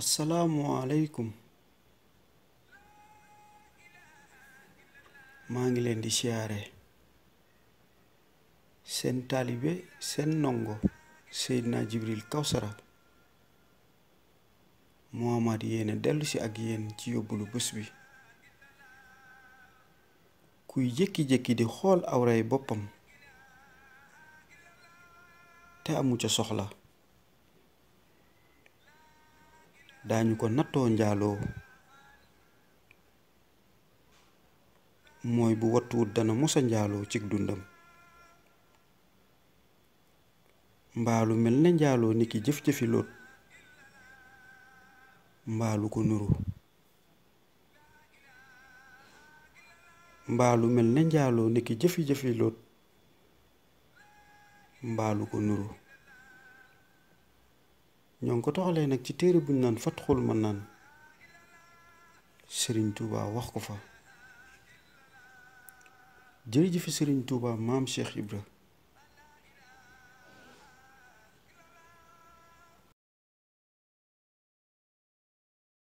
asalaamualeykum maa ngi leen di siyaare seen taalibe seen ndongo Seydina Jibril Kawsara moo amaat dellusi ak yéen ci yóbbulu bés bi kuy jékki-jékki di xool awray boppam te amu ca soxla dañu ko natto njaaloo mooy bu wattuwut dana mosa njaaloo cig dundam mbaalu mel na njaaloo ni ki jëf jëfi lóot mbaalu ko nuru mbaalu mel na njaaloo ni ki jëfi jëfi lóot mbaalu ko nuru ñong ko toxalee nak ci téré buñ nan fatkhul man naan sëriñ Touba wax ko fa jëri jërëjëf serigne Touba mam Cheikh ibrahim